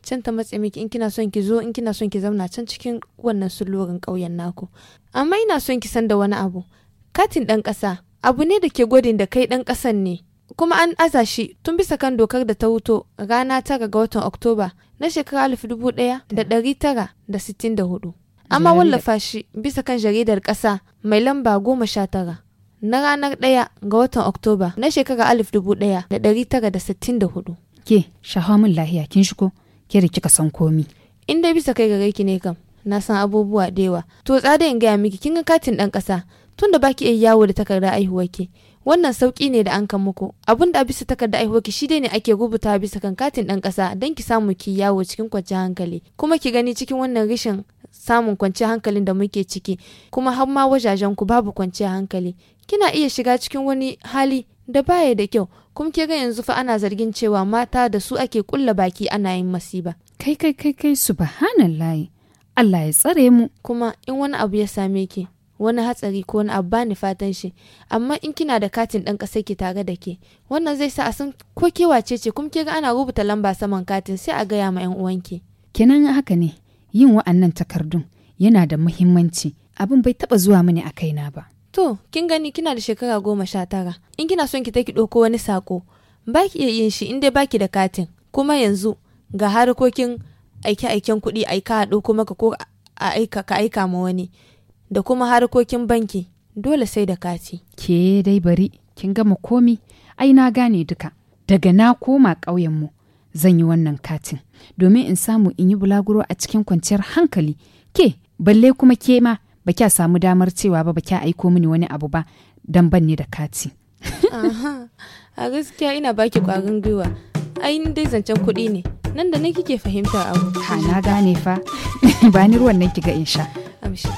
can ta matse miki in kina son ki zo in kina son ki zauna can cikin wannan sulurin ƙauyen naku amma ina son ki san da wani abu katin ɗan ƙasa abu ne da ke gwadin da kai ɗan ƙasan ne kuma an aza shi tun bisa kan dokar da ta wuto rana tara ga watan oktoba na shekara alif dubu ɗaya da ɗari tara da sittin da hudu amma wallafa shi bisa kan jaridar ƙasa mai lamba goma sha tara na ranar ɗaya ga watan oktoba na shekara alif dubu ɗaya da ɗari tara da sittin da hudu ke shahamun lahiya kin shigo kiri kika san komi in dai bisa kai ga ki ne kam na san abubuwa da yawa to tsada in gaya miki kin ga katin dan kasa tun da baki iya yawo da takarda ki wannan sauki ne da an kan muku abun da bisa takarda aihuwarki shi dai ne ake rubuta bisa kan katin dan kasa don ki samu ki yawo cikin kwanciyar hankali kuma ki gani cikin wannan rashin samun kwanciyar hankalin da muke ciki kuma har ma wajajen ku babu kwanciyar hankali kina iya shiga cikin wani hali da baya da kyau kuma ke ga yanzu fa ana zargin cewa mata da su ake kulla baki ana yin masiba kai kai kai kai subhanallahi Allah ya tsare mu kuma in wani abu ya same ki wani hatsari ko wani abu bani fatan shi amma in kina da katin ɗan kasa ki tare da ke wannan zai sa a san ko ke wace ce kuma ke ga ana rubuta lamba saman katin sai a gaya ma yan uwanki kenan haka ne yin wa'annan takardun yana da muhimmanci abin bai taɓa zuwa mini a kaina ba To, kin gani kina da shekara goma sha tara. In kina son ki ta ki ɗauko wani sako, ba ki iya yin shi in dai ba ki da katin. Kuma yanzu ga harkokin aike-aiken kuɗi aika a ɗauko maka ko aika ka aika ma wani da kuma harkokin banki dole sai da kati. Ke dai bari, kin gama komi, ai na gane duka. Daga na koma ƙauyenmu zan yi wannan katin domin in samu in yi bulaguro a cikin kwanciyar hankali. Ke, balle kuma ke ma ba kya samu damar cewa ba ba kya aiko mini wani abu ba dan ban ne da kati a gaskiya ina baki kwarin gwiwa ai dai zancen kuɗi ne nan da nan kike fahimtar abu ha na gane fa ba ni ruwan nan ki ga in sha amshi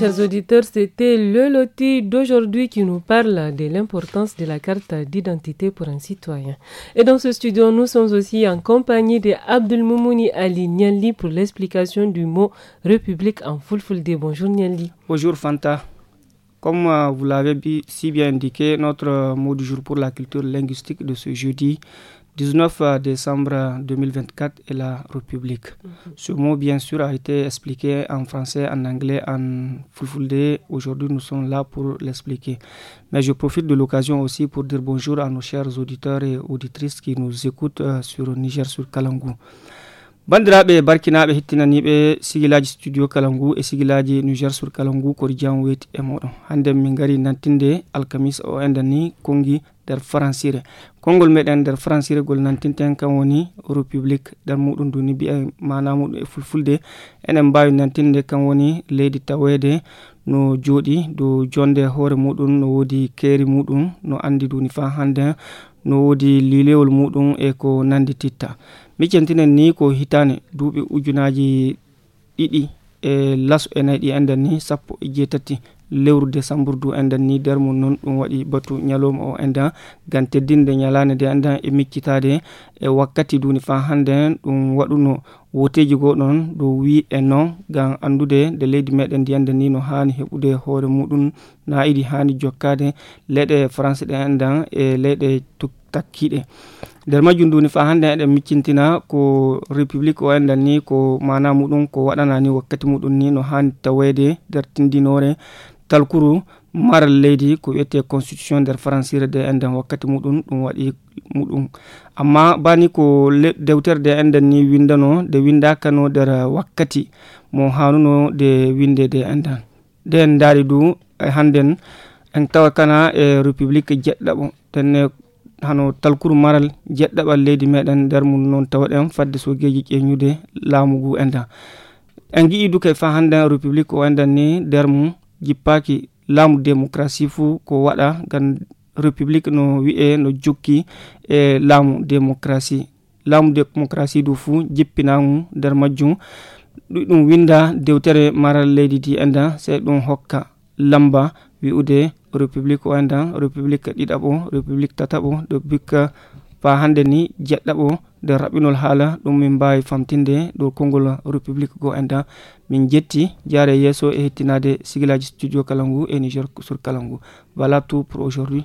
chers auditeurs, c'était le loti d'aujourd'hui qui nous parle de l'importance de la carte d'identité pour un citoyen. Et dans ce studio, nous sommes aussi en compagnie de Ali Niali pour l'explication du mot République en Fulfulde. Bonjour Niali. Bonjour Fanta. Comme euh, vous l'avez si bien indiqué, notre euh, mot du jour pour la culture linguistique de ce jeudi 19 décembre 2024 et la République. Mhm. Ce mot, bien sûr, a été expliqué en français, en anglais, en fulfulde. Aujourd'hui, nous sommes là pour l'expliquer. Mais je profite de l'occasion aussi pour dire bonjour à nos chers auditeurs et auditrices qui nous écoutent euh, sur Niger sur Kalangou bandiraɓe barkinaɓe hettinaniɓe sigilaji studio kalangu e sigilaji niger sur kalangu kori jam weeti e moɗon hande nantinde alkamis o endani kongi nder francire kongol meɗen nder francire gol nantinten kan woni république nder muɗum duni mbiya mana muɗum e fulfulde enen mbawi nantinde kan woni leydi tawede no jodi dow jonde hoore muɗum no wodi Kerry muɗum no andi duni fa hande no wodi lilewol muɗum e ko nandi titta miccantinen ni ko hitane duuɓi ujunaji ɗiɗi e laso e nayi ɗi enden ni sappo e jeetati lewru décembre du enɗan ni nder mum noon ɗum waɗi batu ñalowma o enɗan gam teddinde ñalade nde enɗan e miccitade e wakkati duni fa hande ɗum waɗuno woteji goɗon wi e non Gan andude nde leydi meɗen and ni no hani heɓude hoore na iɗi hani jokkade leyɗe france ɗe enɗan e leyɗe takkiɗe nder majjum duni fa ko république o enɗan ni ko mana mudun ko waɗana ni wakkati muɗum ni no tindinore talkuru maral leydi ko wiyete constitution nder faransire de enden wakkati muɗum ɗum waɗi muɗum amma bani ko dewtere enden ni windano de windakano nder wakkati mo hanuno de winde de enden nden daari du e hannden en tawa kana e république jeɗɗaɓo tenne hano talkuru maral jeɗɗaɓal leydi meɗen nder mum noon tawaɗen fadde sogeji ƴeñude laamu ngu enden en gi'i duke fa hannden république o enden ni nder mum jippaki laamu demokrasi fu ko waɗa kan Republik no wi'e no jukki e laamu démocratie laamu démocratie du fuu jippinamu nder majjum ɗum winda dewtere maral leydi di anda se ɗum hokka lamba wi'ude république o anda république ɗiɗaɓo république tataɓo république fa hande ni jeɗɗaɓo nder raɓɓinol haala ɗum min mbawi famtinde ɗo kongol république go anda min e studio kalangu e niger sur voilà tout pour aujourd'hui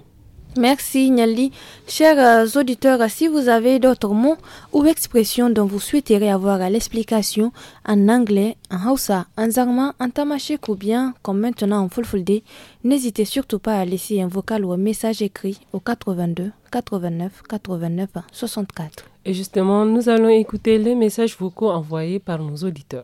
Merci Nyali. Chers euh, auditeurs, si vous avez d'autres mots ou expressions dont vous souhaiterez avoir l'explication en anglais, en hausa, en zarma, en tamashek ou bien comme maintenant en fulfulde, n'hésitez surtout pas à laisser un vocal ou un message écrit au 82 89 89 64. Et justement, nous allons écouter les messages vocaux envoyés par nos auditeurs.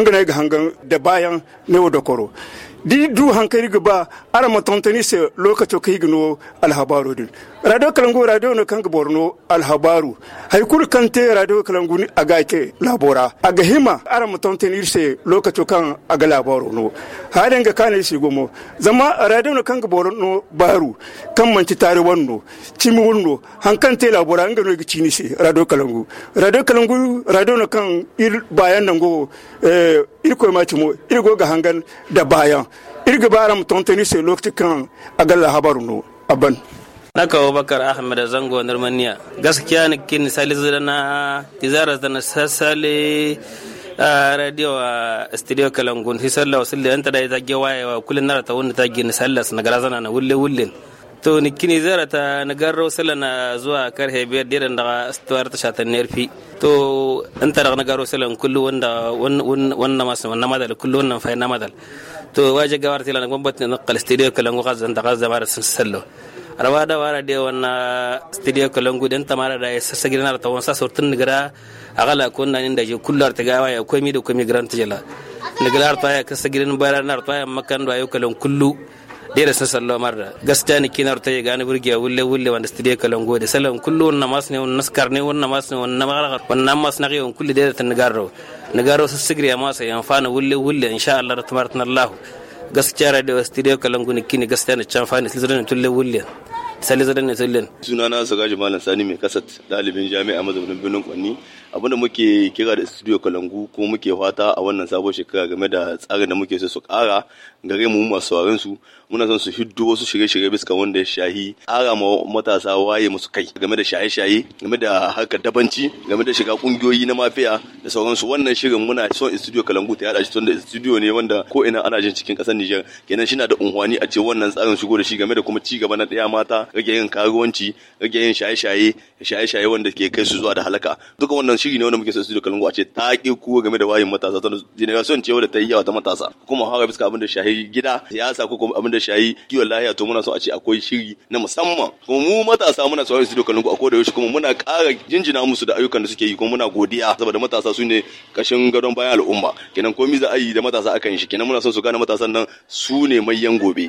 ngana ga hangan da bayan ne wa dokoro di du hankari ga ba ara matontani se lokacin kai gino alhabaro din radio kalangu radio no kanga borno alhabaru haikul kante radio kalangu ni agake labora aga hima ara mutonten irse lokaco kan aga labaru no haden ga kane si gomo zama radio no kanga borno baru kan manci tare wanno cimi wanno hankante labora no ga chini si radio kalangu radio kalangu radio no kan il bayan nango eh il ko matimo il go ga hangan da bayan irga bara mutonten irse lokaci kan aga labaru no aban na kawo bakar ahmed da zango nirmaniya gaskiya ni ke misali zuwa na tizara da na sassale a radio a studio kalangun hi sallah wasu da yanta da ya zage wayewa kullum nara ta wanda ta gini sallah na gara zana na wulle wulle to ni kini zara ta na garro sallah na zuwa karhe biyar da daga stuwar ta shatan nerfi to in ta daga na garro sallah kullum wanda wannan masu wannan madal kullum wannan fayin na madal to waje gawar tilana gwamnati na kalistiriyar kalangun kazan da kazan da mara sun sallah rawada wara de wana studio kolongu den tamara da yasa sagirna da tawansa sortin nigara agala kunna inda je kullar ta gawa ya komi da komi gran ta jala nigara ta ya kasa gidan bayar na ta ya makan da ayo kolon kullu de da san sallo marra gaskiya ni kinar ta ya gani burgiya wulle wulle wanda studio kolongu da salon kullu wannan mas ne wannan skar ne wannan mas ne wannan magara wannan mas na kullu de da tan nigaro nigaro sa sigriya masa yan fana wulle wulle insha Allah ratmaratna Allah gaskiya radio studio kalangu ne kini gaskiya na can fani silzira ne tulle wulle sale zadan ne sallin suna na saga malam sani mai kasat dalibin jami'a mazaunin birnin kwanni abinda muke kira da studio kalangu ko muke fata a wannan sabon shekara game da tsarin da muke so su kara gare mu masu sauraron su muna son su hiddo wasu shirye-shirye bisa wanda ya shahi kara ma matasa waye musu kai game da shaye-shaye game da harkar dabanci game da shiga kungiyoyi na mafiya da sauransu wannan shirin muna son studio kalangu ta yada shi tunda studio ne wanda ko ina ana jin cikin kasar Niger kenan shi na da unhwani a ce wannan tsarin shigo da shi game da kuma ci gaba na daya mata rage yin karuwanci rage yin shaye-shaye shaye-shaye wanda ke kai su zuwa da halaka duka wannan shiri ne wanda muke son da kalungu a ce ta ƙi kuwa game da wayin matasa ta generation ce wadda ta yi yawa ta matasa kuma hawa bisa abin da shahi gida siyasa ko kuma abin da shahi kiwon lahiya to muna so a ce akwai shiri na musamman kuma mu matasa muna so su da kalungu a koda yaushe kuma muna ƙara jinjina musu da ayyukan da suke yi kuma muna godiya saboda matasa su ne kashin gadon bayan al'umma kenan komai za a yi da matasa akan shi kenan muna son su gane matasan nan su ne manyan gobe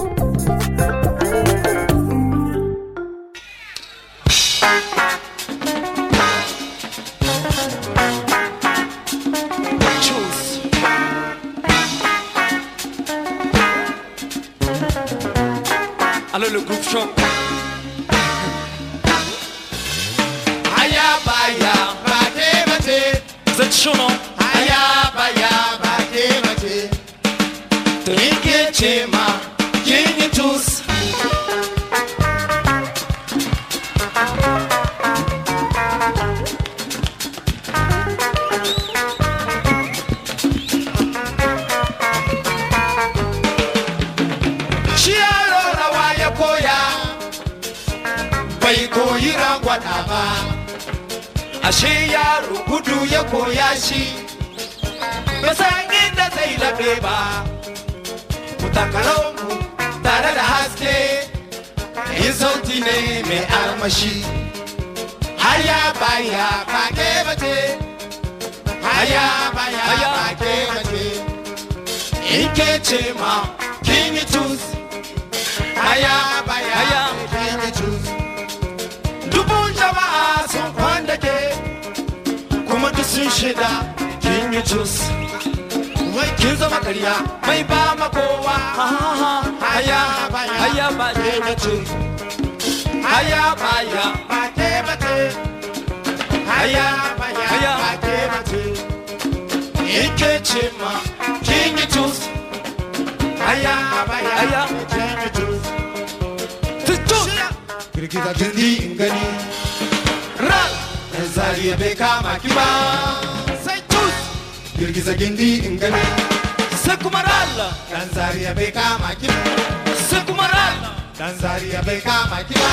le groupe choc. Aya baya bate bate. Vous êtes chaud Aya baya bate bate. ashe yaro gudu ya koya shi ba san inda zai labe ba ku mu tare da haske yin sauti ne mai armashi haya baya kake bace haya baya kake bace in ke ce ma king tus haya sunshida kin yi cus wai kin zama karya mai ba ma kowa haya baya haya baya na ce haya baya ba ke ba ce haya baya haya ba ke ba ce ike ce ma kin yi cus haya baya haya ba ke ba ce Girgiza gindi in gani ya bai kama ki ba sai tus girgiza gindi in gani sai kuma ralla dan ya bai kama ki sai kuma ralla dan ya bai kama ki ba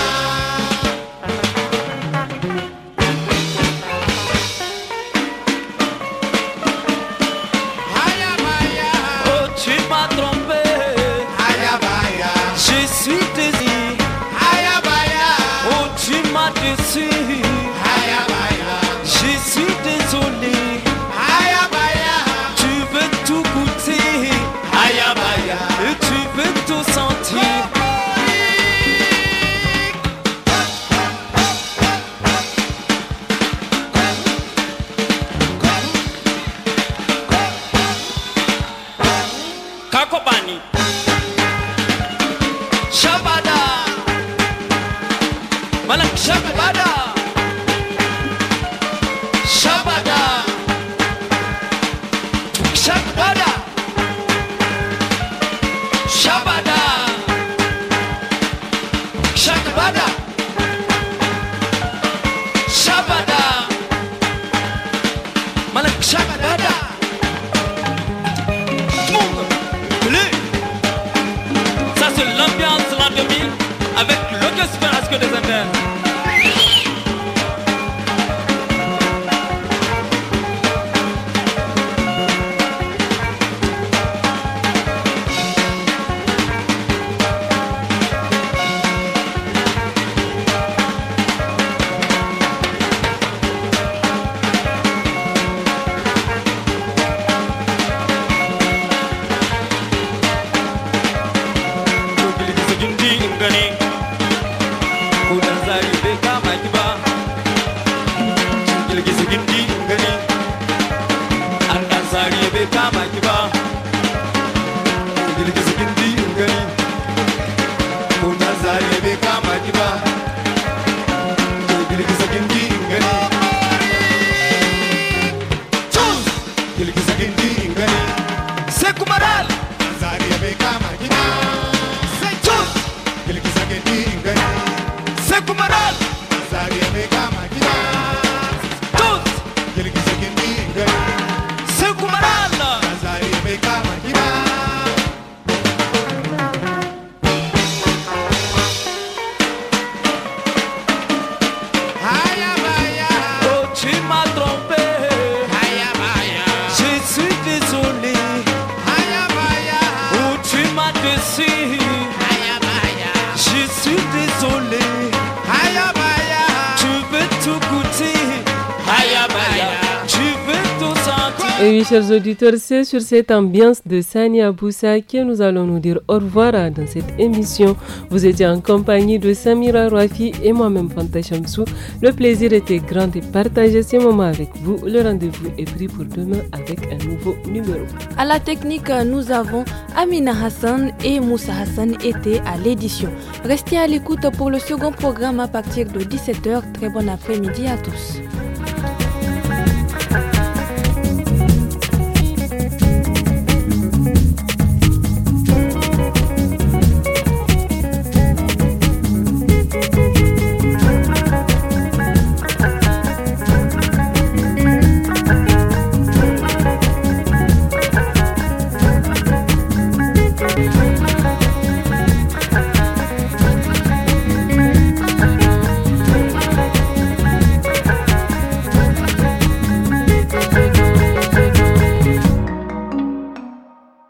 chers auditeurs, c'est sur cette ambiance de Sania Boussa que nous allons nous dire au revoir dans cette émission. Vous étiez en compagnie de Samira Rafi et moi-même Fanta Chamsou. Le plaisir était grand de partager ces moments avec vous. Le rendez-vous est pris pour demain avec un nouveau numéro. À la technique, nous avons Amina Hassan et Moussa Hassan étaient à l'édition. Restez à l'écoute pour le second programme à partir de 17h. Très bon après-midi à tous.